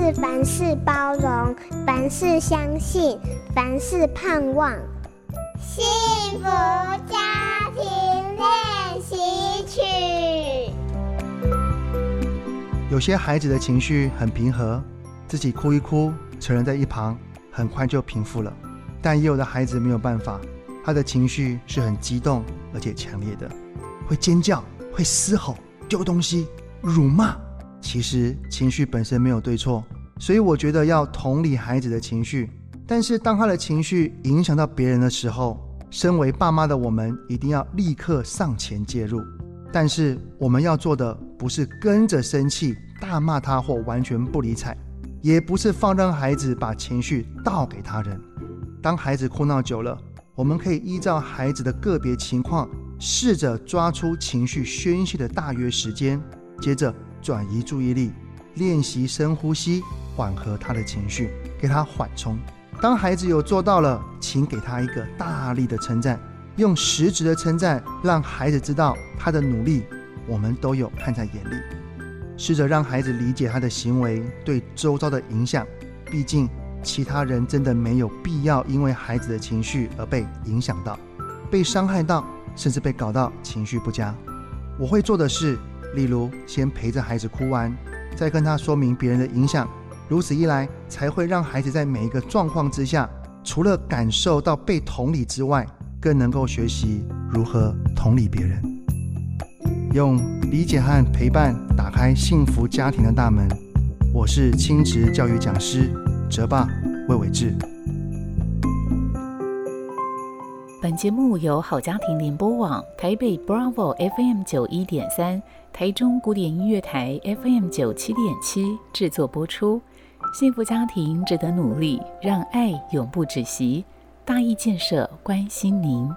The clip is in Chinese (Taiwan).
是凡事包容，凡事相信，凡事盼望。幸福家庭練習曲。有些孩子的情緒很平和，自己哭一哭，成人在一旁，很快就平復了。但也有的孩子沒有辦法，他的情緒是很激動而且強烈的，會尖叫，會嘶吼，丟東西，辱罵。其實情緒本身沒有對錯。所以我覺得要同理孩子的情緒，但是當他的情緒影響到別人的時候，身為爸媽的我們一定要立刻上前介入。但是我們要做的不是跟着生氣、大罵他或完全不理睬，也不是放任孩子把情緒倒給他人。當孩子哭鬧久了，我們可以依照孩子的個別情況，試着抓出情緒宣洩的大約時間，接着轉移注意力，練習深呼吸。緩和他的情緒，給他緩衝。當孩子有做到了，請給他一個大力的稱讚，用實質的稱讚，讓孩子知道他的努力，我們都有看在眼裡。試着讓孩子理解他的行為對周遭的影響，畢竟其他人真的沒有必要因為孩子的情緒而被影響到、被傷害到，甚至被搞到情緒不佳。我會做的事，例如先陪着孩子哭完，再跟他說明別人的影響。如此一來，才會讓孩子在每一個狀況之下，除了感受到被同理之外，更能夠學習如何同理別人。用理解和陪伴打開幸福家庭的大門。我是親職教育講師澤爸魏瑋志。本節目由好家庭聯播網、台北 Bravo FM 九一點三、台中古典音樂台 FM 九七點七製作播出。幸福家庭值得努力，讓愛永不止息。大益建設關心您。